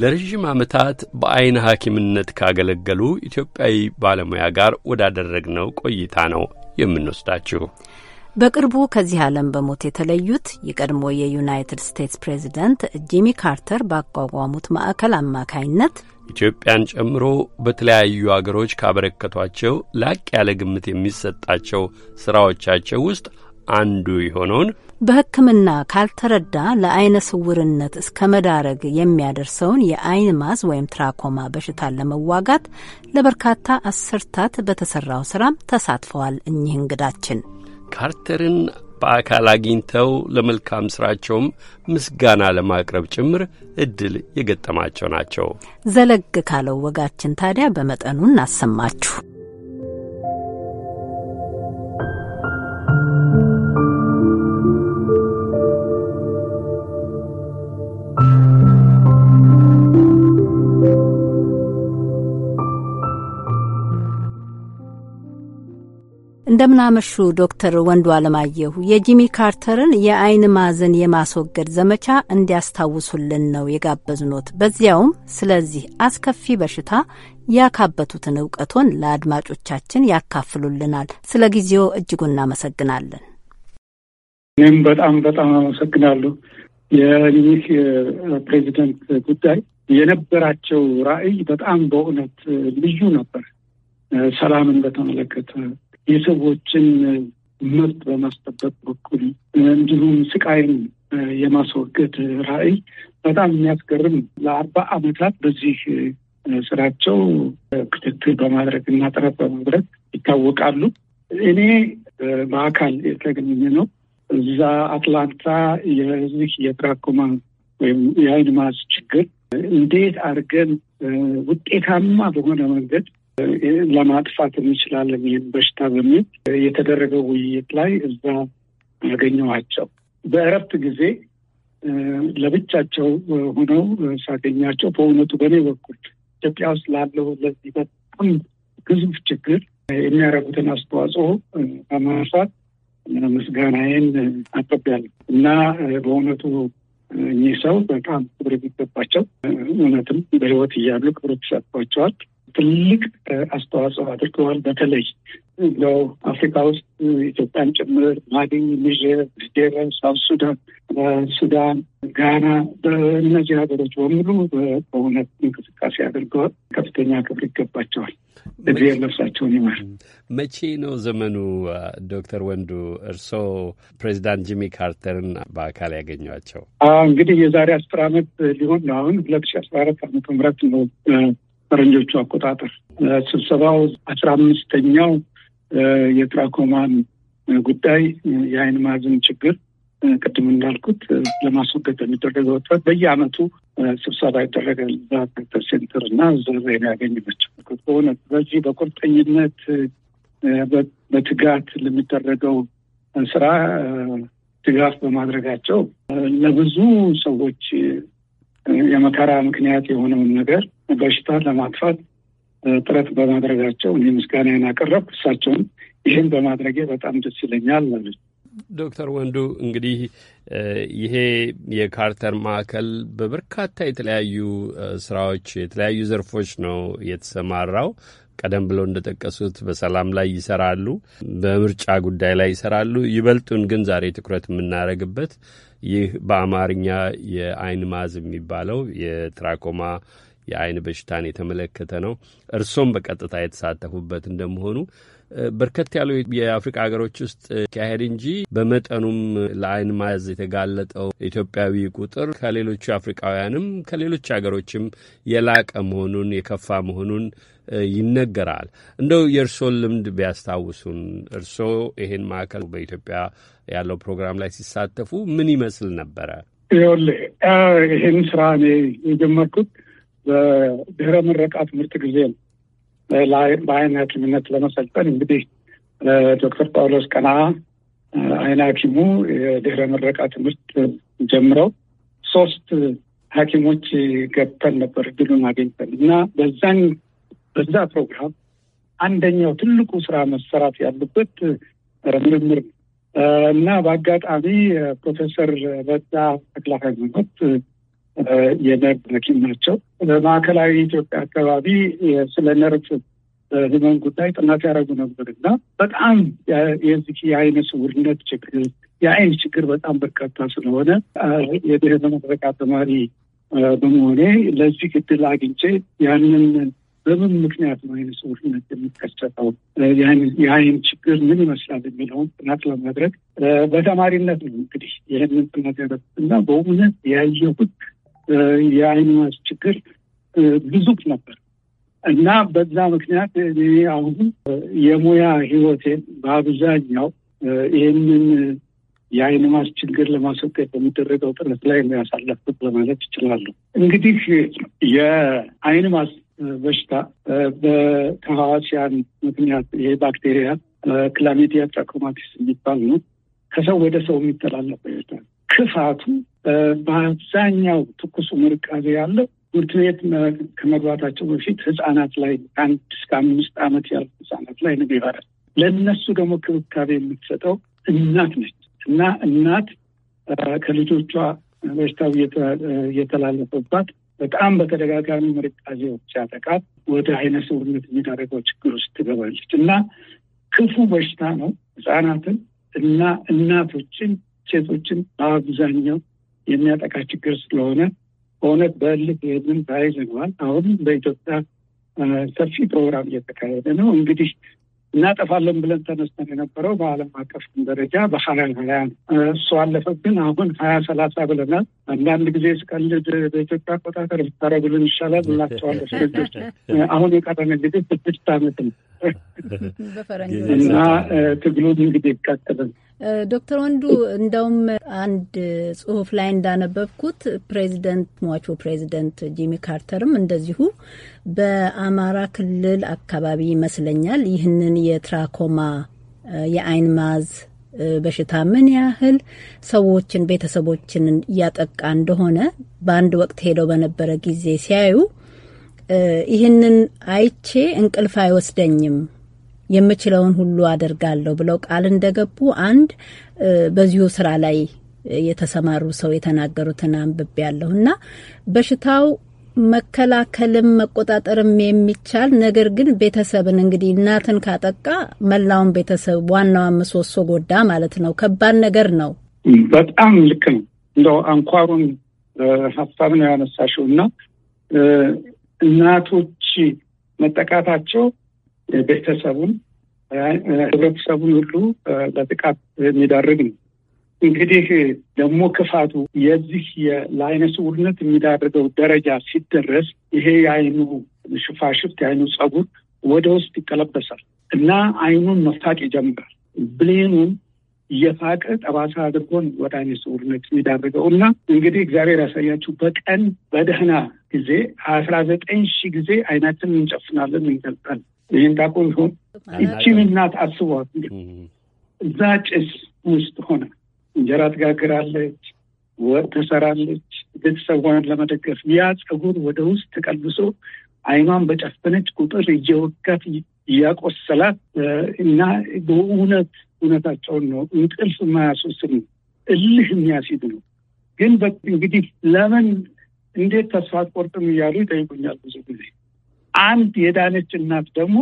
ለረዥም ዓመታት በአይን ሐኪምነት ካገለገሉ ኢትዮጵያዊ ባለሙያ ጋር ወዳደረግነው ቆይታ ነው የምንወስዳችሁ። በቅርቡ ከዚህ ዓለም በሞት የተለዩት የቀድሞ የዩናይትድ ስቴትስ ፕሬዚደንት ጂሚ ካርተር ባቋቋሙት ማዕከል አማካይነት ኢትዮጵያን ጨምሮ በተለያዩ አገሮች ካበረከቷቸው ላቅ ያለ ግምት የሚሰጣቸው ስራዎቻቸው ውስጥ አንዱ የሆነውን በሕክምና ካልተረዳ ለአይነ ስውርነት እስከ መዳረግ የሚያደርሰውን የአይን ማዝ ወይም ትራኮማ በሽታን ለመዋጋት ለበርካታ አስርታት በተሰራው ስራም ተሳትፈዋል። እኚህ እንግዳችን ካርተርን በአካል አግኝተው ለመልካም ስራቸውም ምስጋና ለማቅረብ ጭምር እድል የገጠማቸው ናቸው። ዘለግ ካለው ወጋችን ታዲያ በመጠኑ እናሰማችሁ። እንደምናመሹ ዶክተር ወንዱ አለማየሁ የጂሚ ካርተርን የአይን ማዘን የማስወገድ ዘመቻ እንዲያስታውሱልን ነው የጋበዝኖት። በዚያውም ስለዚህ አስከፊ በሽታ ያካበቱትን እውቀቶን ለአድማጮቻችን ያካፍሉልናል። ስለ ጊዜው እጅጉን እናመሰግናለን። እኔም በጣም በጣም አመሰግናለሁ። የኒህ ፕሬዚደንት ጉዳይ የነበራቸው ራዕይ በጣም በእውነት ልዩ ነበር። ሰላምን በተመለከተ የሰዎችን መብት በማስጠበቅ በኩል እንዲሁም ስቃይን የማስወገድ ራዕይ በጣም የሚያስገርም ለአርባ ዓመታት በዚህ ስራቸው ክትትል በማድረግ እና ጥረት በማድረግ ይታወቃሉ። እኔ በአካል የተገኘ ነው። እዛ አትላንታ የዚህ የትራኮማ ወይም የአይን ማስ ችግር እንዴት አድርገን ውጤታማ በሆነ መንገድ ለማጥፋት እንችላለን ይህን በሽታ በሚል የተደረገው ውይይት ላይ እዛ ያገኘኋቸው በእረፍት ጊዜ ለብቻቸው ሆነው ሳገኛቸው በእውነቱ በእኔ በኩል ኢትዮጵያ ውስጥ ላለው ለዚህ በጣም ግዙፍ ችግር የሚያደርጉትን አስተዋጽኦ በማንሳት ምስጋናዬን አቅርቤያለሁ እና በእውነቱ እኚህ ሰው በጣም ክብር የሚገባቸው እውነትም በህይወት እያሉ ክብር ተሰጥቷቸዋል። ትልቅ አስተዋጽኦ አድርገዋል። በተለይ እንደው አፍሪካ ውስጥ ኢትዮጵያን ጭምር ማሊ፣ ኒጀር፣ ዴረን፣ ሳውት ሱዳን፣ ሱዳን፣ ጋና በእነዚህ ሀገሮች በሙሉ በእውነት እንቅስቃሴ አድርገዋል። ከፍተኛ ክብር ይገባቸዋል። እግዜር ነፍሳቸውን ይማር። መቼ ነው ዘመኑ? ዶክተር ወንዱ እርስዎ ፕሬዚዳንት ጂሚ ካርተርን በአካል ያገኟቸው? እንግዲህ የዛሬ አስር አመት ሊሆን ነው። አሁን ሁለት ሺ አስራ አራት አመተ ምህረት ነው ፈረንጆቹ አቆጣጠር። ስብሰባው አስራ አምስተኛው የትራኮማን ጉዳይ የአይን ማዝን ችግር ቅድም እንዳልኩት ለማስወገድ የሚደረገው ጥረት በየአመቱ ስብሰባ ይደረጋል። ሴንተር እና ዘሬን ያገኝናቸው በሆነ በዚህ በቁርጠኝነት በትጋት ለሚደረገው ስራ ድጋፍ በማድረጋቸው ለብዙ ሰዎች የመከራ ምክንያት የሆነውን ነገር በሽታን ለማጥፋት ጥረት በማድረጋቸው እኔ ምስጋናዬን አቀረብኩ። እሳቸውም ይህን በማድረጌ በጣም ደስ ይለኛል ማለት ዶክተር ወንዱ እንግዲህ ይሄ የካርተር ማዕከል በበርካታ የተለያዩ ስራዎች የተለያዩ ዘርፎች ነው የተሰማራው። ቀደም ብለው እንደጠቀሱት በሰላም ላይ ይሰራሉ፣ በምርጫ ጉዳይ ላይ ይሰራሉ። ይበልጡን ግን ዛሬ ትኩረት የምናደርግበት ይህ በአማርኛ የአይን ማዝ የሚባለው የትራኮማ የአይን በሽታን የተመለከተ ነው። እርሶም በቀጥታ የተሳተፉበት እንደመሆኑ በርከት ያሉ የአፍሪካ ሀገሮች ውስጥ ካሄድ እንጂ በመጠኑም ለአይን ማያዝ የተጋለጠው ኢትዮጵያዊ ቁጥር ከሌሎቹ አፍሪካውያንም ከሌሎች ሀገሮችም የላቀ መሆኑን የከፋ መሆኑን ይነገራል። እንደው የእርሶን ልምድ ቢያስታውሱን፣ እርሶ ይሄን ማዕከል በኢትዮጵያ ያለው ፕሮግራም ላይ ሲሳተፉ ምን ይመስል ነበረ? ይኸውልህ ይህን ስራ እኔ የጀመርኩት በድህረ ምረቃ ትምህርት ጊዜ በአይን ሐኪምነት ለመሰልጠን እንግዲህ ዶክተር ጳውሎስ ቀና አይን ሐኪሙ የድህረ ምረቃ ትምህርት ጀምረው ሶስት ሐኪሞች ገብተን ነበር እድሉን አገኝተን እና በዛን በዛ ፕሮግራም አንደኛው ትልቁ ስራ መሰራት ያሉበት ምርምር እና በአጋጣሚ ፕሮፌሰር በዛ ተክለ ሃይማኖት የነርቭ ሐኪም ናቸው። በማዕከላዊ ኢትዮጵያ አካባቢ ስለ ነርቭ ህመም ጉዳይ ጥናት ያደረጉ ነበር እና በጣም የዚህ የአይነ ስውርነት ችግር የአይን ችግር በጣም በርካታ ስለሆነ የድህረ ምረቃ ተማሪ በመሆኔ ለዚህ እድል አግኝቼ ያንን በምን ምክንያት ነው አይነ ስውርነት የሚከሰተው የአይን ችግር ምን ይመስላል የሚለውን ጥናት ለማድረግ በተማሪነት ነው እንግዲህ ይህንን ጥናት ያደረጉት እና በእውነት ያየሁት የአይን ችግር ግዙፍ ነበር እና በዛ ምክንያት እኔ አሁን የሙያ ህይወቴን በአብዛኛው ይህንን የአይን ማስ ችግር ለማስወገድ በሚደረገው ጥረት ላይ ነው ያሳለፍኩት ለማለት ይችላሉ። እንግዲህ የአይን ማስ በሽታ በተህዋሲያን ምክንያት ይሄ ባክቴሪያ ክላሚዲያ ትራኮማቲስ የሚባል ነው ከሰው ወደ ሰው የሚተላለፍ በሽታ ነው። ክፋቱ በአብዛኛው ትኩስ ምርቃዜ ያለው ትምህርት ቤት ከመግባታቸው በፊት ህጻናት ላይ ከአንድ እስከ አምስት ዓመት ያሉ ህጻናት ላይ ነው ይባላል። ለእነሱ ደግሞ ክብካቤ የምትሰጠው እናት ነች እና እናት ከልጆቿ በሽታው እየተላለፈባት በጣም በተደጋጋሚ ምርቃዜው ሲያጠቃት ወደ አይነ ስውርነት የሚደረገው ችግር ውስጥ ትገባለች እና ክፉ በሽታ ነው ህጻናትን እና እናቶችን ሴቶችን በአብዛኛው የሚያጠቃ ችግር ስለሆነ በእውነት በእልክ ይህንን ተያይዘነዋል። አሁን በኢትዮጵያ ሰፊ ፕሮግራም እየተካሄደ ነው። እንግዲህ እናጠፋለን ብለን ተነስተን የነበረው በዓለም አቀፍ ደረጃ በሀያ ሀያ እሱ አለፈብን። አሁን ሀያ ሰላሳ ብለናል። አንዳንድ ጊዜ ስቀልድ በኢትዮጵያ አቆጣጠር ብታረጉልን ይሻላል ብላቸዋለሁ። ስለጆች አሁን የቀረን እንግዲህ ስድስት ዓመት ነው እና ትግሉን እንግዲህ ይቀጥልን። ዶክተር ወንዱ እንደውም አንድ ጽሁፍ ላይ እንዳነበብኩት ፕሬዚደንት ሟቹ ፕሬዚደንት ጂሚ ካርተርም እንደዚሁ በአማራ ክልል አካባቢ ይመስለኛል ይህንን የትራኮማ የአይን ማዝ በሽታ ምን ያህል ሰዎችን ቤተሰቦችን እያጠቃ እንደሆነ በአንድ ወቅት ሄደው በነበረ ጊዜ ሲያዩ ይህንን አይቼ እንቅልፍ አይወስደኝም የምችለውን ሁሉ አደርጋለሁ ብለው ቃል እንደገቡ አንድ በዚሁ ስራ ላይ የተሰማሩ ሰው የተናገሩትን አንብቤ ያለሁ እና በሽታው መከላከልም መቆጣጠርም የሚቻል ነገር ግን ቤተሰብን እንግዲህ እናትን ካጠቃ መላውን ቤተሰብ ዋናዋን ምሰሶ ጎዳ ማለት ነው። ከባድ ነገር ነው። በጣም ልክ ነው። እንደው አንኳሩን ሀሳብ ነው ያነሳሽው እና እናቶች መጠቃታቸው ቤተሰቡን፣ ህብረተሰቡን ሁሉ ለጥቃት የሚዳርግ ነው። እንግዲህ ደግሞ ክፋቱ የዚህ ለአይነ ስውርነት የሚዳርገው ደረጃ ሲደረስ ይሄ የአይኑ ሽፋሽፍት የአይኑ ጸጉር ወደ ውስጥ ይቀለበሳል እና አይኑን መፋቅ ይጀምራል። ብሌኑን እየፋቀ ጠባሳ አድርጎን ወደ አይነ ስውርነት የሚዳርገው እና እንግዲህ እግዚአብሔር ያሳያችሁ። በቀን በደህና ጊዜ አስራ ዘጠኝ ሺህ ጊዜ አይናችን እንጨፍናለን፣ እንገልጣለን። ይህን ታቆ ሲሆን ይቺን እናት አስቧት እዛ ጭስ ውስጥ ሆነ እንጀራ ትጋግራለች፣ ወጥ ትሰራለች፣ ቤተሰቧን ለመደገፍ ያ ፀጉር ወደ ውስጥ ተቀልብሶ አይኗን በጨፈነች ቁጥር እየወጋት እያቆሰላት እና በእውነት እውነታቸውን ነው። እንቅልፍ የማያስወስድ ነው። እልህ የሚያስይዝ ነው። ግን እንግዲህ ለምን እንዴት ተስፋ አትቆርጥም እያሉ ይጠይቁኛል ብዙ ጊዜ አንድ የዳነች እናት ደግሞ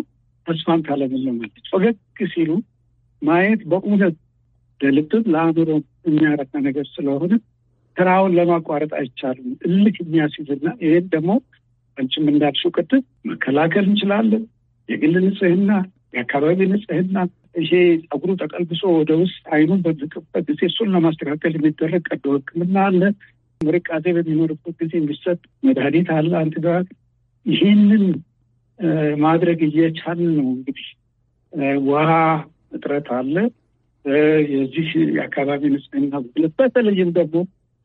ተስፋን ታለመለማለች። ፈገግ ሲሉ ማየት በእውነት ለልብም ለአእምሮ የሚያረካ ነገር ስለሆነ ስራውን ለማቋረጥ አይቻልም። እልክ የሚያስይዝና ይሄን ደግሞ አንቺም እንዳልሽው ቅድም መከላከል እንችላለን። የግል ንጽህና፣ የአካባቢ ንጽህና፣ ይሄ ጸጉሩ ተቀልብሶ ወደ ውስጥ አይኑን በምቅበት ጊዜ እሱን ለማስተካከል የሚደረግ ቀዶ ሕክምና አለ። ምርቃዜ በሚኖርበት ጊዜ የሚሰጥ መድኃኒት አለ። አንትባዮቲክ ይህንን ማድረግ እየቻልን ነው። እንግዲህ ውሃ እጥረት አለ። የዚህ የአካባቢ ንጽህና ጉድለት፣ በተለይም ደግሞ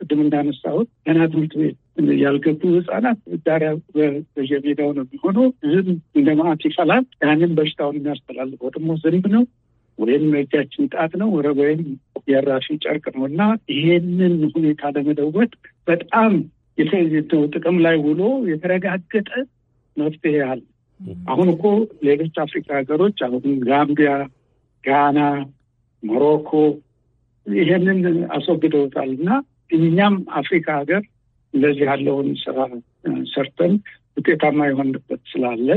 ቅድም እንዳነሳሁት ገና ትምህርት ቤት ያልገቡ ህጻናት ዳሪያ በየሜዳው ነው የሚሆኑ ዝም እንደ ማአት ይፈላል። ያንን በሽታውን የሚያስተላልፈው ደግሞ ዝንብ ነው ወይም እጃችን ጣት ነው ወይም የራሱ ጨርቅ ነው እና ይሄንን ሁኔታ ለመደወት በጣም ጥቅም ላይ ውሎ የተረጋገጠ መፍትሄ አለ። አሁን እኮ ሌሎች አፍሪካ ሀገሮች አሁን ጋምቢያ፣ ጋና፣ ሞሮኮ ይሄንን አስወግደውታል እና እኛም አፍሪካ ሀገር እንደዚህ ያለውን ስራ ሰርተን ውጤታማ የሆንበት ስላለ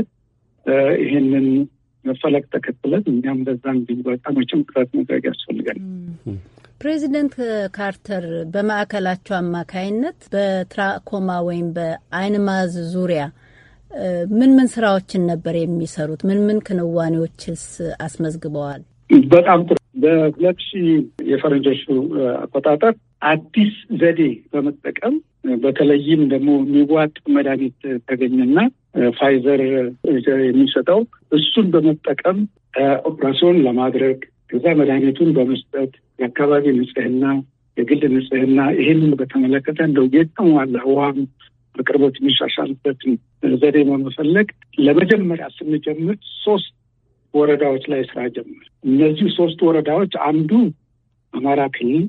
ይህንን መፈለግ ተከትለን እኛም በዛ ጊዜ በጣም ጥረት መድረግ ያስፈልገናል። ፕሬዚደንት ካርተር በማዕከላቸው አማካይነት በትራኮማ ወይም በአይንማዝ ዙሪያ ምን ምን ስራዎችን ነበር የሚሰሩት? ምን ምን ክንዋኔዎችስ አስመዝግበዋል? በጣም ጥሩ። በሁለት ሺህ የፈረንጆቹ አቆጣጠር አዲስ ዘዴ በመጠቀም በተለይም ደግሞ የሚዋጥ መድኃኒት ተገኘና ፋይዘር የሚሰጠው እሱን በመጠቀም ኦፕራሲዮን ለማድረግ ከዛ መድኃኒቱን በመስጠት የአካባቢ ንጽህና፣ የግል ንጽህና ይህንን በተመለከተ እንደው የተሟላ ውሃም በቅርቦት የሚሻሻልበትን ዘዴ መፈለግ ለመጀመሪያ ስንጀምር ሶስት ወረዳዎች ላይ ስራ ጀምር። እነዚህ ሶስት ወረዳዎች አንዱ አማራ ክልል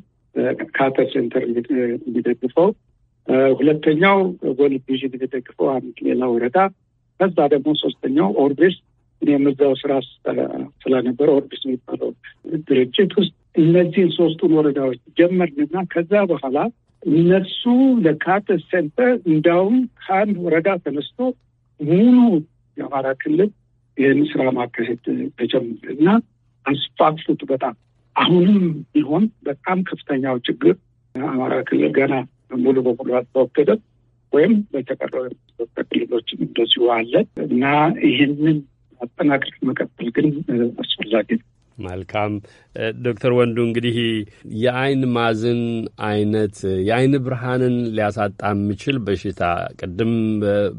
ካተር ሴንተር የሚደግፈው፣ ሁለተኛው ጎል ቪዥን የሚደግፈው አንድ ሌላ ወረዳ፣ ከዛ ደግሞ ሶስተኛው ኦርቤስ የምዛው ስራ ስለነበረ ኦርቢስ የሚባለው ድርጅት ውስጥ እነዚህን ሶስቱን ወረዳዎች ጀመርንና ከዛ በኋላ እነሱ ለካተ ሴንተር እንዲያውም ከአንድ ወረዳ ተነስቶ ሙሉ የአማራ ክልል ይህን ስራ ማካሄድ ተጀምር እና አስፋፉት። በጣም አሁንም ቢሆን በጣም ከፍተኛው ችግር አማራ ክልል ገና ሙሉ በሙሉ አልተወገደም፣ ወይም በተቀረበ ክልሎች እንደዚሁ አለ እና ይህንን አጠናቅቅ መቀጠል ግን አስፈላጊ ነው። መልካም ዶክተር ወንዱ እንግዲህ የአይን ማዝን አይነት የአይን ብርሃንን ሊያሳጣ የሚችል በሽታ ቅድም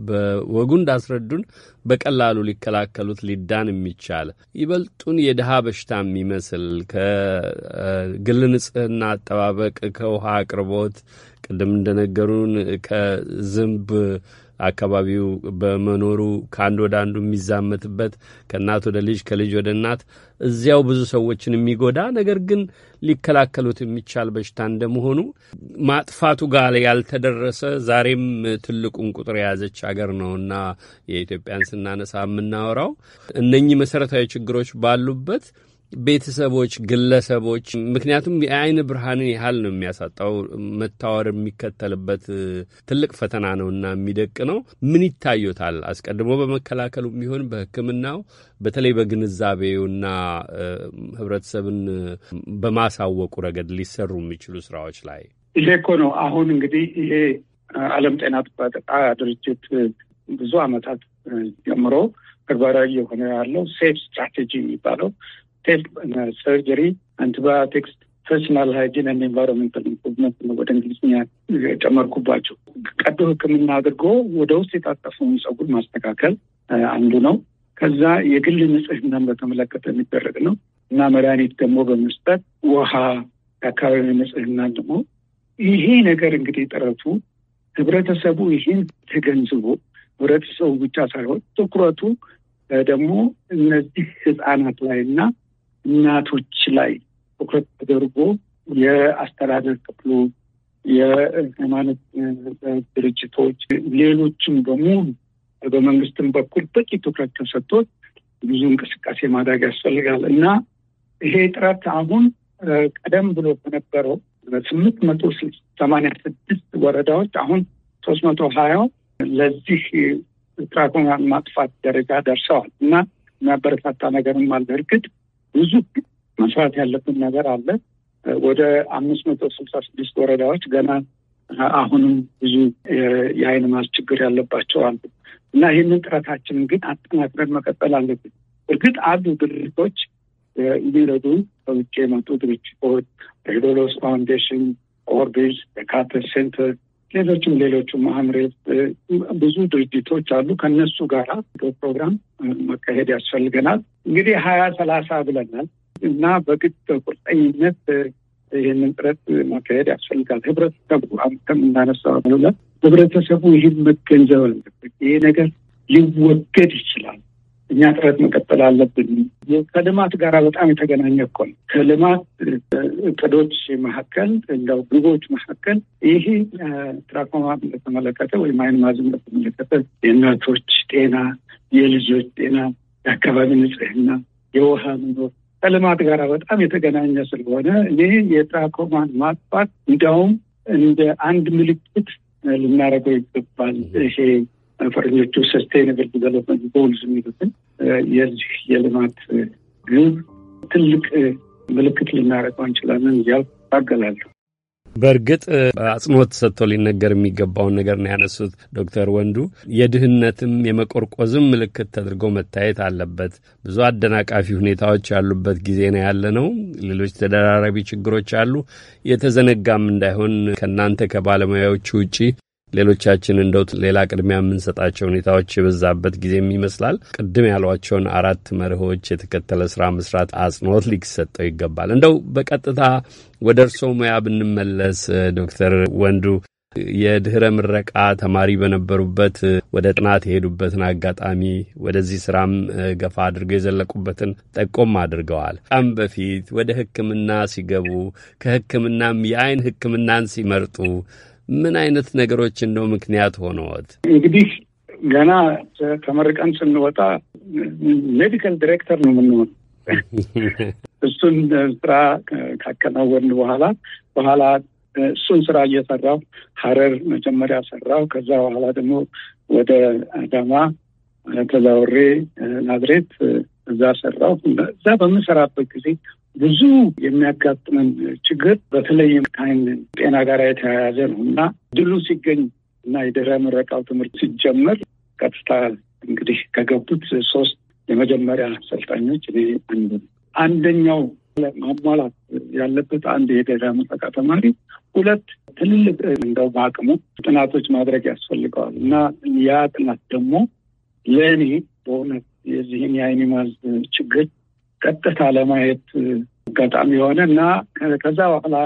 በወጉ እንዳስረዱን በቀላሉ ሊከላከሉት ሊዳን የሚቻል ይበልጡን የድሃ በሽታ የሚመስል ከግል ንጽህና አጠባበቅ፣ ከውሃ አቅርቦት ቅድም እንደነገሩን ከዝንብ አካባቢው በመኖሩ ከአንድ ወደ አንዱ የሚዛመትበት ከእናት ወደ ልጅ ከልጅ ወደ እናት እዚያው ብዙ ሰዎችን የሚጎዳ ነገር ግን ሊከላከሉት የሚቻል በሽታ እንደመሆኑ ማጥፋቱ ጋር ያልተደረሰ ዛሬም ትልቁን ቁጥር የያዘች አገር ነውና የኢትዮጵያን ስናነሳ የምናወራው እነኚህ መሰረታዊ ችግሮች ባሉበት ቤተሰቦች፣ ግለሰቦች ምክንያቱም የአይን ብርሃንን ያህል ነው የሚያሳጣው መታወር የሚከተልበት ትልቅ ፈተና ነው እና የሚደቅ ነው። ምን ይታዩታል? አስቀድሞ በመከላከሉ የሚሆን በሕክምናው በተለይ በግንዛቤውና ህብረተሰብን በማሳወቁ ረገድ ሊሰሩ የሚችሉ ስራዎች ላይ ይሄ እኮ ነው። አሁን እንግዲህ ይሄ ዓለም ጤና ጥበቃ ድርጅት ብዙ አመታት ጀምሮ ተግባራዊ የሆነ ያለው ሴፍ ስትራቴጂ የሚባለው ቴፕ ሰርጀሪ፣ አንቲባዮቲክስ፣ ፐርሶናል ሃይጂን እና ኤንቫይሮንመንታል ኢምፕሩቭመንት ነው ወደ እንግሊዝኛ የጨመርኩባቸው ቀዶ ህክምና አድርጎ ወደ ውስጥ የታጠፈውን ፀጉር ማስተካከል አንዱ ነው። ከዛ የግል ንጽህናን በተመለከተ የሚደረግ ነው እና መድኃኒት ደግሞ በመስጠት ውሃ፣ የአካባቢ ንጽህናን ደግሞ ይሄ ነገር እንግዲህ ጥረቱ ህብረተሰቡ ይህን ተገንዝቦ ህብረተሰቡ ብቻ ሳይሆን ትኩረቱ ደግሞ እነዚህ ህፃናት ላይ እና እናቶች ላይ ትኩረት ተደርጎ የአስተዳደር ክፍሉ የሃይማኖት ድርጅቶች፣ ሌሎችም በሙሉ በመንግስትም በኩል በቂ ትኩረት ተሰጥቶት ብዙ እንቅስቃሴ ማድረግ ያስፈልጋል እና ይሄ ጥረት አሁን ቀደም ብሎ ከነበረው ስምንት መቶ ሰማንያ ስድስት ወረዳዎች አሁን ሶስት መቶ ሀያው ለዚህ ትራኮማ ማጥፋት ደረጃ ደርሰዋል እና የሚያበረታታ ነገርም አለ እርግጥ ብዙ መስራት ያለብን ነገር አለ። ወደ አምስት መቶ ስልሳ ስድስት ወረዳዎች ገና አሁንም ብዙ የአይን ማስ ችግር ያለባቸው አሉ እና ይህንን ጥረታችንን ግን አጠናክረን መቀጠል አለብን። እርግጥ አሉ ድርጅቶች የሚረዱን ከውጭ የመጡ ድርጅቶች ሄዶሎስ ፋውንዴሽን፣ ኦርቢስ፣ የካተር ሴንተር ሌሎችም ሌሎቹም ማህምሬት ብዙ ድርጅቶች አሉ። ከነሱ ጋር ፕሮግራም መካሄድ ያስፈልገናል። እንግዲህ ሀያ ሰላሳ ብለናል እና በግድ በቁርጠኝነት ይህንን ጥረት መካሄድ ያስፈልጋል። ህብረተሰቡ አምተም እንዳነሳ ህብረተሰቡ ይህን መገንዘብ ይሄ ነገር ሊወገድ ይችላል እኛ ጥረት መቀጠል አለብን። ከልማት ጋር በጣም የተገናኘ እኮ ነው። ከልማት እቅዶች መካከል እንደው ግቦች መካከል ይህ ትራኮማ በተመለከተ ወይም አይን ማዝን በተመለከተ የእናቶች ጤና፣ የልጆች ጤና፣ የአካባቢ ንጽህና፣ የውሃ መኖር ከልማት ጋር በጣም የተገናኘ ስለሆነ ይህ የትራኮማን ማጥፋት እንዲያውም እንደ አንድ ምልክት ልናደርገው ይገባል ይሄ ፈረንጆቹ ሰስቴይነብል ዲቨሎፕመንት ጎልዝ የሚሉትን የዚህ የልማት ግብ ትልቅ ምልክት ልናረቀው እንችላለን እያል ታገላለሁ። በእርግጥ አጽንኦት ሰጥቶ ሊነገር የሚገባውን ነገር ነው ያነሱት ዶክተር ወንዱ። የድህነትም የመቆርቆዝም ምልክት ተደርጎ መታየት አለበት። ብዙ አደናቃፊ ሁኔታዎች ያሉበት ጊዜ ነው ያለ ነው። ሌሎች ተደራራቢ ችግሮች አሉ። የተዘነጋም እንዳይሆን ከእናንተ ከባለሙያዎቹ ውጪ ሌሎቻችን እንደው ሌላ ቅድሚያ የምንሰጣቸው ሁኔታዎች የበዛበት ጊዜም ይመስላል። ቅድም ያሏቸውን አራት መርሆች የተከተለ ስራ መስራት አጽንኦት ሊሰጠው ይገባል። እንደው በቀጥታ ወደ እርስዎ ሙያ ብንመለስ ዶክተር ወንዱ የድህረ ምረቃ ተማሪ በነበሩበት ወደ ጥናት የሄዱበትን አጋጣሚ ወደዚህ ስራም ገፋ አድርገው የዘለቁበትን ጠቆም አድርገዋል። ቀን በፊት ወደ ሕክምና ሲገቡ ከሕክምናም የአይን ሕክምናን ሲመርጡ ምን አይነት ነገሮች እንደው ምክንያት ሆነዎት? እንግዲህ ገና ተመርቀን ስንወጣ ሜዲካል ዲሬክተር ነው የምንሆን። እሱን ስራ ካከናወን በኋላ በኋላ እሱን ስራ እየሰራው ሀረር መጀመሪያ ሰራው። ከዛ በኋላ ደግሞ ወደ አዳማ ተዛውሬ ናዝሬት እዛ ሰራው። እዛ በምንሰራበት ጊዜ ብዙ የሚያጋጥመን ችግር በተለይም ከአይን ጤና ጋር የተያያዘ ነው እና ድሉ ሲገኝ እና የድህረ ምረቃው ትምህርት ሲጀመር ቀጥታ እንግዲህ ከገቡት ሶስት የመጀመሪያ ሰልጣኞች እኔ አንዱ አንደኛው ማሟላት ያለበት አንድ የድህረ ምረቃ ተማሪ ሁለት ትልልቅ እንደው በአቅሙ ጥናቶች ማድረግ ያስፈልገዋል እና ያ ጥናት ደግሞ ለእኔ በእውነት የዚህን የአይኒማዝ ችግር ቀጥታ ለማየት አጋጣሚ የሆነ እና ከዛ በኋላ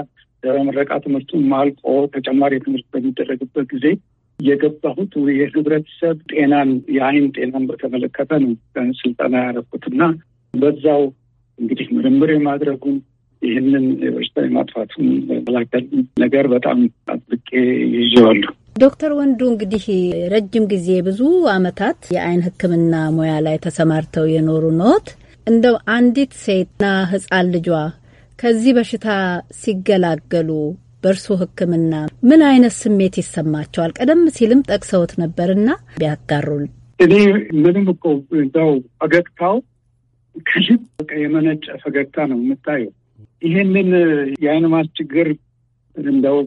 የምረቃ ትምህርቱን ማልቆ ተጨማሪ ትምህርት በሚደረግበት ጊዜ የገባሁት የህብረተሰብ ጤናን የአይን ጤናን በተመለከተ ነው ስልጠና ያደረኩት እና በዛው እንግዲህ ምርምር የማድረጉን ይህንን በሽታ የማጥፋቱን መላከል ነገር በጣም አጥብቄ ይዤዋለሁ። ዶክተር ወንዱ እንግዲህ ረጅም ጊዜ ብዙ አመታት የአይን ሕክምና ሙያ ላይ ተሰማርተው የኖሩ ኖት እንደው አንዲት ሴትና ሕፃን ልጇ ከዚህ በሽታ ሲገላገሉ በእርሶ ሕክምና ምን አይነት ስሜት ይሰማቸዋል? ቀደም ሲልም ጠቅሰውት ነበርና ቢያጋሩን። እኔ ምንም እኮ እዛው ፈገግታው ከልብ የመነጨ ፈገግታ ነው የምታየው። ይህንን የአይን ችግር እንደው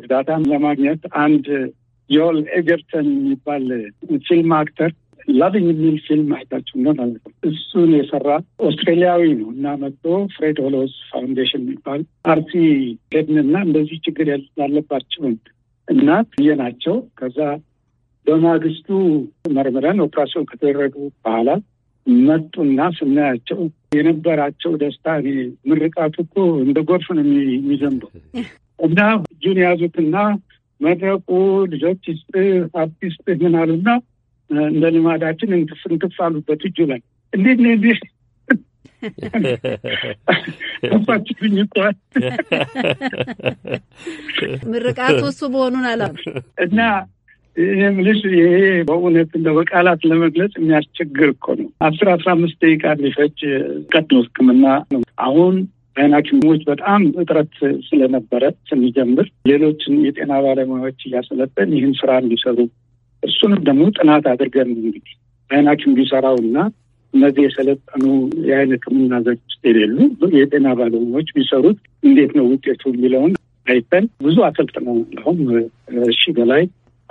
እርዳታን ለማግኘት አንድ ዮል ኤገርተን የሚባል ፊልም አክተር ላቪንግ የሚል ፊልም አይታችሁ እንደሆነ አላውቅም። እሱን የሰራ ኦስትሬሊያዊ ነው እና መጥቶ ፍሬድ ሆሎስ ፋውንዴሽን የሚባል አርሲ ሄድን እና እንደዚህ ችግር ያለባቸውን እናት ናቸው። ከዛ በማግስቱ መርምረን ኦፕራሲዮን ከተደረጉ በኋላ መጡና ስናያቸው የነበራቸው ደስታ እኔ ምርቃቱ እኮ እንደ ጎርፍ ነው የሚዘንበው እና እጁን የያዙትና መድረቁ ልጆች ስጥ አርቲስት ምናሉና እንደ ልማዳችን እንክፍ እንክፍ አሉበት እጁ ላይ እንዴት ነው እንዲህ ባችሁኝ ይባል ምርቃቱ እሱ መሆኑን አላ እና ምልሽ ይሄ በእውነት እንደ በቃላት ለመግለጽ የሚያስቸግር እኮ ነው። አስር አስራ አምስት ደቂቃ ሊፈጅ ቀጥሎ ሕክምና ነው። አሁን አይን ሐኪሞች በጣም እጥረት ስለነበረ ስንጀምር ሌሎችን የጤና ባለሙያዎች እያሰለጠን ይህን ስራ እንዲሰሩ እሱንም ደግሞ ጥናት አድርገን እንግዲህ አይናችን ቢሰራው እና እነዚህ የሰለጠኑ የአይን ሕክምና ዘች የሌሉ የጤና ባለሙያዎች ቢሰሩት እንዴት ነው ውጤቱ የሚለውን አይተን ብዙ አሰልጥነው እንደውም እሺ በላይ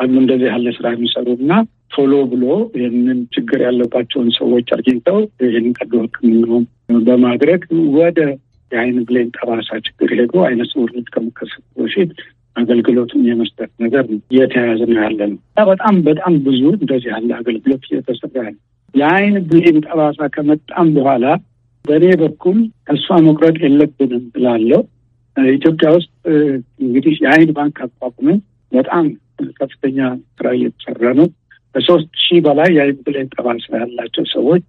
አሉ እንደዚህ ያለ ስራ የሚሰሩ እና ቶሎ ብሎ ይህንን ችግር ያለባቸውን ሰዎች አግኝተው ይህን ቀዶ ሕክምናውን በማድረግ ወደ የአይን ብሌን ጠባሳ ችግር ሄዶ አይነ ስውርነት ከመከሰቱ በፊት አገልግሎትን የመስጠት ነገር እየተያያዘ ነው ያለ ነው። እና በጣም በጣም ብዙ እንደዚህ ያለ አገልግሎት እየተሰራ ያለ የአይን ብሌን ጠባሳ ከመጣም በኋላ በእኔ በኩል እሷ መቁረጥ የለብንም ብላለው። ኢትዮጵያ ውስጥ እንግዲህ የአይን ባንክ አቋቁመን በጣም ከፍተኛ ስራ እየተሰራ ነው። ከሶስት ሺህ በላይ የአይን ብሌን ጠባሳ ያላቸው ሰዎች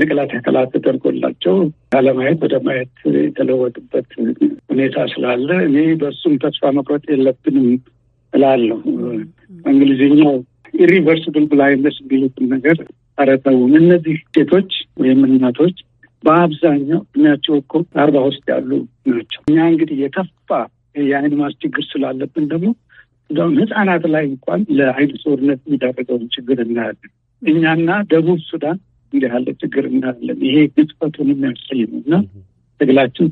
ንቅላት ቅላት ተደርጎላቸው ካለማየት ወደ ማየት የተለወጡበት ሁኔታ ስላለ እኔ በእሱም ተስፋ መቁረጥ የለብንም እላለሁ። እንግሊዝኛው ኢሪቨርስብል ብላይንድነስ የሚሉትን ነገር አረተውም እነዚህ ሴቶች ወይም እናቶች በአብዛኛው እድሜያቸው እኮ አርባ ውስጥ ያሉ ናቸው። እኛ እንግዲህ የከፋ የአይን ማስ ችግር ስላለብን ደግሞ እንደውም ህጻናት ላይ እንኳን ለአይነ ስውርነት የሚዳረገውን ችግር እናያለን። እኛና ደቡብ ሱዳን እንዲህ ያለ ችግር እናያለን። ይሄ ግጽበቱን የሚያሳይ ነው እና ትግላችን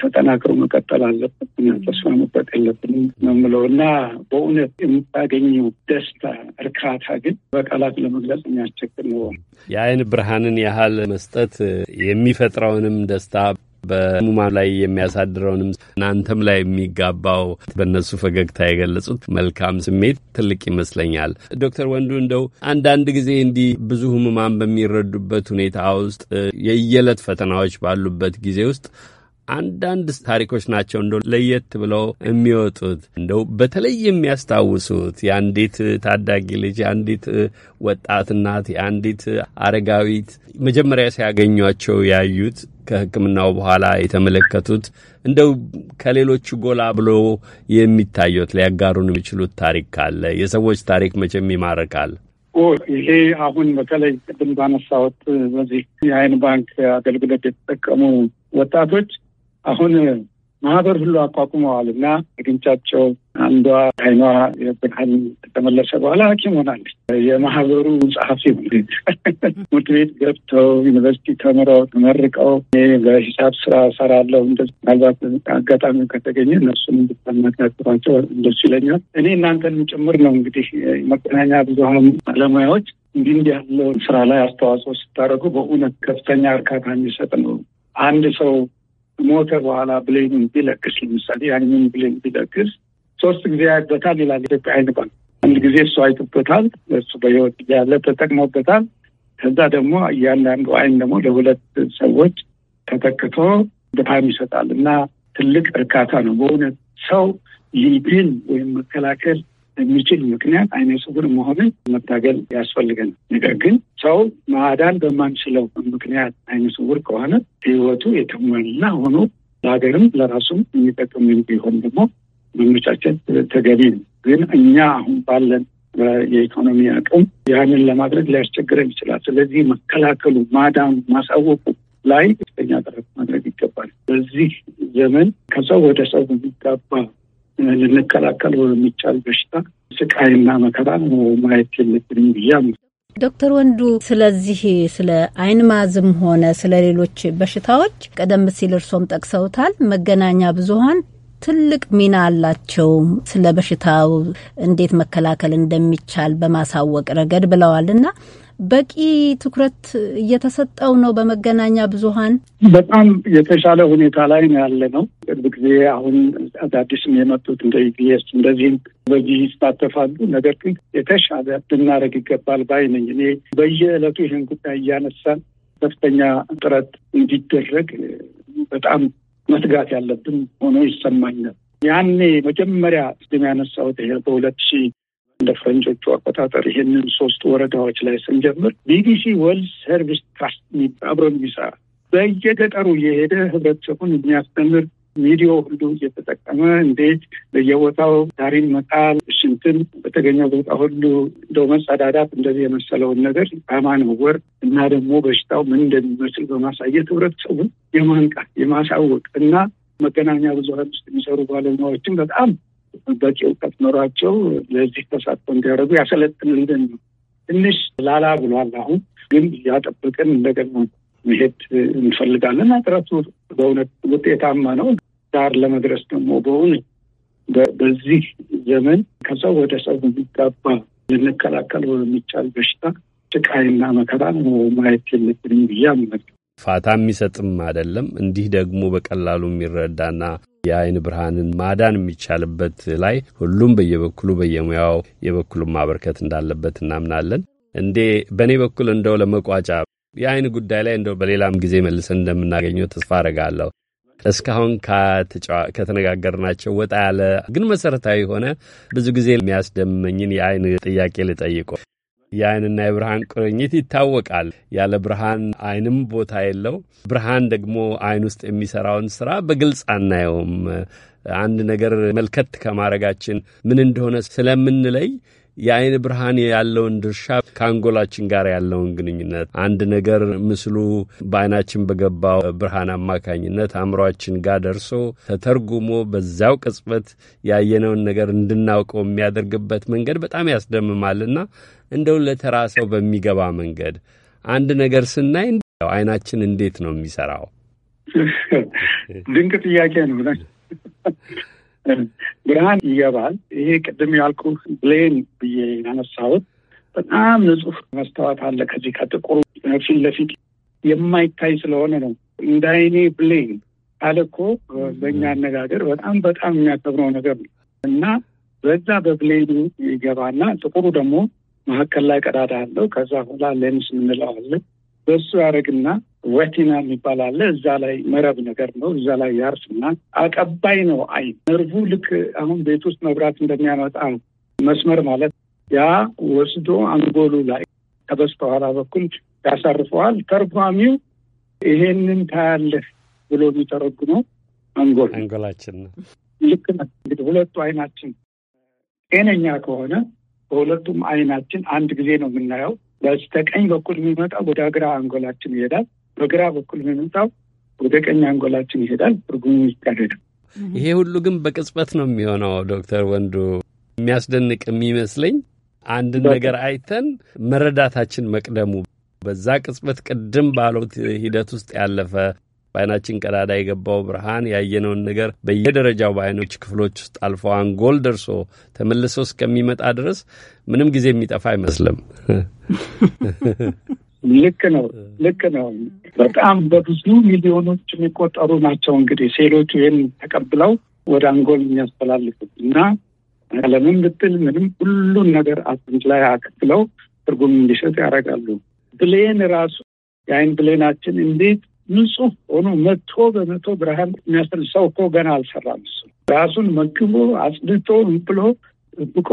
ተጠናክሮ መቀጠል አለበት። ተስፋ መቁረጥ የለብንም ነው የምለው እና በእውነት የምታገኘው ደስታ፣ እርካታ ግን በቃላት ለመግለጽ የሚያስቸግር ነው። የአይን ብርሃንን ያህል መስጠት የሚፈጥረውንም ደስታ በህሙማን ላይ የሚያሳድረውንም እናንተም ላይ የሚጋባው በእነሱ ፈገግታ የገለጹት መልካም ስሜት ትልቅ ይመስለኛል። ዶክተር ወንዱ እንደው አንዳንድ ጊዜ እንዲህ ብዙ ህሙማን በሚረዱበት ሁኔታ ውስጥ የየዕለት ፈተናዎች ባሉበት ጊዜ ውስጥ አንዳንድ ታሪኮች ናቸው እንደው ለየት ብለው የሚወጡት እንደው በተለይ የሚያስታውሱት የአንዲት ታዳጊ ልጅ፣ የአንዲት ወጣት እናት፣ የአንዲት አረጋዊት መጀመሪያ ሲያገኟቸው ያዩት ከሕክምናው በኋላ የተመለከቱት እንደው ከሌሎቹ ጎላ ብሎ የሚታዩት ሊያጋሩን የሚችሉት ታሪክ ካለ የሰዎች ታሪክ መቼም ይማርካል። ይሄ አሁን በተለይ ቅድም ባነሳሁት በዚህ የአይን ባንክ አገልግሎት የተጠቀሙ ወጣቶች አሁን ማህበር ሁሉ አቋቁመዋል እና አግኝቻቸው አንዷ አይኗ የብርሃን ከተመለሰ በኋላ ሐኪም ሆናለች። የማህበሩ ጸሐፊ ትምህርት ቤት ገብተው ዩኒቨርሲቲ ተምረው ተመርቀው በሂሳብ ስራ ሰራለሁ። ምናልባት አጋጣሚ ከተገኘ እነሱን እንድታናግራቸው እንደሱ ይለኛል። እኔ እናንተን ጭምር ነው እንግዲህ መገናኛ ብዙሃን ባለሙያዎች እንዲህ እንዲህ ያለው ስራ ላይ አስተዋጽኦ ስታደርጉ በእውነት ከፍተኛ እርካታ የሚሰጥ ነው። አንድ ሰው ሞተ በኋላ ብሌን ቢለቅስ ለምሳሌ ያንን ብሌን ቢለቅስ ሶስት ጊዜ ያይበታል ይላል ኢትዮጵያ አይን ባንክ። አንድ ጊዜ እሱ አይቶበታል፣ እሱ በህይወት ያለ ተጠቅሞበታል። ከዛ ደግሞ እያንዳንዱ አይን ደግሞ ለሁለት ሰዎች ተተክቶ ድሃም ይሰጣል እና ትልቅ እርካታ ነው በእውነት ሰው ሊብን ወይም መከላከል የሚችል ምክንያት አይነ ስውር መሆንን መታገል ያስፈልገን። ነገር ግን ሰው ማዳን በማንችለው ምክንያት አይነ ስውር ከሆነ ህይወቱ የተሟላ ሆኖ ለሀገርም ለራሱም የሚጠቅም ቢሆን ደግሞ መመቻቸት ተገቢ ነው። ግን እኛ አሁን ባለን የኢኮኖሚ አቅም ያንን ለማድረግ ሊያስቸግረን ይችላል። ስለዚህ መከላከሉ፣ ማዳኑ፣ ማሳወቁ ላይ ከፍተኛ ጥረት ማድረግ ይገባል። በዚህ ዘመን ከሰው ወደ ሰው በሚጋባ ልንከላከል የሚቻል በሽታ ስቃይና መከራ ማየት የለብንም ብያም ዶክተር ወንዱ ስለዚህ ስለ አይን ማዝም ሆነ ስለ ሌሎች በሽታዎች ቀደም ሲል እርሶም ጠቅሰውታል። መገናኛ ብዙሀን ትልቅ ሚና አላቸው፣ ስለ በሽታው እንዴት መከላከል እንደሚቻል በማሳወቅ ረገድ ብለዋል እና በቂ ትኩረት እየተሰጠው ነው? በመገናኛ ብዙሀን በጣም የተሻለ ሁኔታ ላይ ነው ያለ ነው። ቅርብ ጊዜ አሁን አዳዲስም የመጡት እንደ ኢቢኤስ እንደዚህም በዚህ ይሳተፋሉ። ነገር ግን የተሻለ ብናደርግ ይገባል ባይ ነኝ እኔ። በየዕለቱ ይህን ጉዳይ እያነሳን ከፍተኛ ጥረት እንዲደረግ በጣም መትጋት ያለብን ሆኖ ይሰማኛል። ያኔ መጀመሪያ ስም ያነሳሁት ይሄ በሁለት ሺህ እንደ ፈረንጆቹ አቆጣጠር ይህንን ሶስት ወረዳዎች ላይ ስንጀምር ቢቢሲ ወልድ ሰርቪስ ትራስት አብሮ የሚሰራ በየገጠሩ የሄደ ህብረተሰቡን የሚያስተምር ሚዲዮ ሁሉ እየተጠቀመ እንዴት በየቦታው ዳሪን መጣል፣ ሽንትን በተገኘው ቦታ ሁሉ እንደ መጸዳዳት፣ እንደዚህ የመሰለውን ነገር ጣማን እና ደግሞ በሽታው ምን እንደሚመስል በማሳየት ህብረተሰቡን የማንቃት የማሳወቅ እና መገናኛ ብዙሀን ውስጥ የሚሰሩ ባለሙያዎችን በጣም በቂ እውቀት ኖሯቸው ለዚህ ተሳትፎ እንዲያደርጉ ያሰለጥንልን ነው። ትንሽ ላላ ብሏል። አሁን ግን እያጠብቅን እንደገና መሄድ እንፈልጋለን። ጥረቱ በእውነት ውጤታማ ነው። ዳር ለመድረስ ደግሞ በእውነት በዚህ ዘመን ከሰው ወደ ሰው የሚጋባ ልንከላከል የሚቻል በሽታ ስቃይና መከራ ማየት የለብንም ብዬ አምናለሁ። ፋታ የሚሰጥም አይደለም። እንዲህ ደግሞ በቀላሉ የሚረዳና የአይን ብርሃንን ማዳን የሚቻልበት ላይ ሁሉም በየበኩሉ በየሙያው የበኩሉን ማበርከት እንዳለበት እናምናለን። እንዴ በእኔ በኩል እንደው ለመቋጫ የአይን ጉዳይ ላይ እንደው በሌላም ጊዜ መልሰን እንደምናገኘው ተስፋ አረጋለሁ። እስካሁን ከተነጋገርናቸው ወጣ ያለ ግን መሰረታዊ የሆነ ብዙ ጊዜ የሚያስደመኝን የአይን ጥያቄ ልጠይቆ የአይንና የብርሃን ቁርኝት ይታወቃል። ያለ ብርሃን አይንም ቦታ የለው። ብርሃን ደግሞ አይን ውስጥ የሚሰራውን ስራ በግልጽ አናየውም። አንድ ነገር መልከት ከማድረጋችን ምን እንደሆነ ስለምንለይ የአይን ብርሃን ያለውን ድርሻ ከአንጎላችን ጋር ያለውን ግንኙነት አንድ ነገር ምስሉ በአይናችን በገባው ብርሃን አማካኝነት አእምሯችን ጋር ደርሶ ተተርጉሞ በዛው ቅጽበት ያየነውን ነገር እንድናውቀው የሚያደርግበት መንገድ በጣም ያስደምማልና እንደው ለተራ ሰው በሚገባ መንገድ አንድ ነገር ስናይ አይናችን እንዴት ነው የሚሰራው? ድንቅ ጥያቄ ነው። ብርሃን ይገባል። ይሄ ቅድም ያልኩ ብሌን ብዬ ያነሳሁት በጣም ንጹህ መስታወት አለ ከዚህ ከጥቁሩ ፊት ለፊት የማይታይ ስለሆነ ነው። እንደ አይኔ ብሌን አለ እኮ በእኛ አነጋገር በጣም በጣም የሚያከብረው ነገር ነው እና በዛ በብሌኑ ይገባና ጥቁሩ ደግሞ መካከል ላይ ቀዳዳ አለው። ከዛ ሁላ ሌንስ የምንለው አለን። በእሱ ያደረግና ወቲና የሚባል አለ። እዛ ላይ መረብ ነገር ነው። እዛ ላይ ያርስና አቀባይ ነው። አይ ነርቡ ልክ አሁን ቤት ውስጥ መብራት እንደሚያመጣ መስመር ማለት ያ ወስዶ አንጎሉ ላይ ከበስተኋላ በኩል ያሳርፈዋል። ተርጓሚው ይሄንን ታያለህ ብሎ የሚተረጉመው አንጎል አንጎላችን ነው። ልክ እንግዲህ ሁለቱ አይናችን ጤነኛ ከሆነ በሁለቱም አይናችን አንድ ጊዜ ነው የምናየው በስተቀኝ በኩል የሚመጣው ወደ ግራ አንጎላችን ይሄዳል። በግራ በኩል የሚመጣው ወደ ቀኝ አንጎላችን ይሄዳል። ትርጉሙ ይቀደዳል። ይሄ ሁሉ ግን በቅጽበት ነው የሚሆነው። ዶክተር ወንዱ የሚያስደንቅ የሚመስለኝ አንድን ነገር አይተን መረዳታችን መቅደሙ በዛ ቅጽበት ቅድም ባሉት ሂደት ውስጥ ያለፈ በአይናችን ቀዳዳ የገባው ብርሃን ያየነውን ነገር በየደረጃው በአይኖች ክፍሎች ውስጥ አልፎ አንጎል ደርሶ ተመልሶ እስከሚመጣ ድረስ ምንም ጊዜ የሚጠፋ አይመስልም። ልክ ነው፣ ልክ ነው። በጣም በብዙ ሚሊዮኖች የሚቆጠሩ ናቸው እንግዲህ ሴሎቹ ይህን ተቀብለው ወደ አንጎል የሚያስተላልፉት እና ለምን ብትል ምንም ሁሉን ነገር አጥንት ላይ አክፍለው ትርጉም እንዲሰጥ ያደርጋሉ። ብሌን ራሱ የአይን ብሌናችን እንዴት ንጹህ ሆኖ መቶ በመቶ ብርሃን የሚያስጠል ሰው እኮ ገና አልሰራም። እሱ ራሱን መግቦ አጽድቶ ብሎ ጠብቆ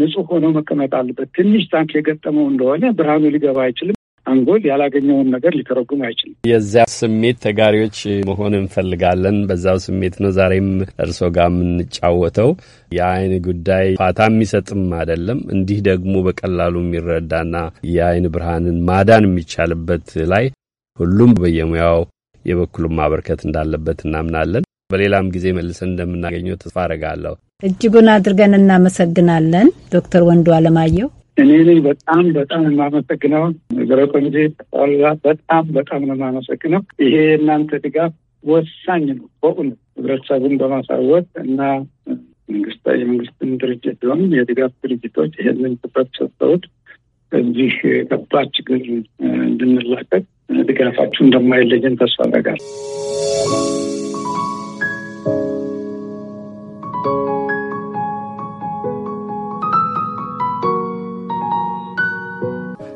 ንጹህ ሆኖ መቀመጥ አለበት። ትንሽ ታንክ የገጠመው እንደሆነ ብርሃኑ ሊገባ አይችልም። አንጎል ያላገኘውን ነገር ሊተረጉም አይችልም። የዚያ ስሜት ተጋሪዎች መሆን እንፈልጋለን። በዛው ስሜት ነው ዛሬም እርሶ ጋር የምንጫወተው። የአይን ጉዳይ ፋታ የሚሰጥም አይደለም። እንዲህ ደግሞ በቀላሉ የሚረዳና የአይን ብርሃንን ማዳን የሚቻልበት ላይ ሁሉም በየሙያው የበኩሉን ማበርከት እንዳለበት እናምናለን። በሌላም ጊዜ መልሰን እንደምናገኘው ተስፋ አረጋለሁ። እጅጉን አድርገን እናመሰግናለን ዶክተር ወንዱ አለማየሁ። እኔ በጣም በጣም የማመሰግነው ነገረ ኮሚቴ በጣም በጣም ነው የማመሰግነው። ይሄ የእናንተ ድጋፍ ወሳኝ ነው በእውነት ህብረተሰቡን በማሳወቅ እና መንግስታዊ የመንግስትን ድርጅት ሆን የድጋፍ ድርጅቶች ይህንን ትኩረት ሰጥተውት ከዚህ ከባድ ችግር እንድንላቀቅ ድጋፋችሁ እንደማይለየን ተስፋ አደርጋለሁ።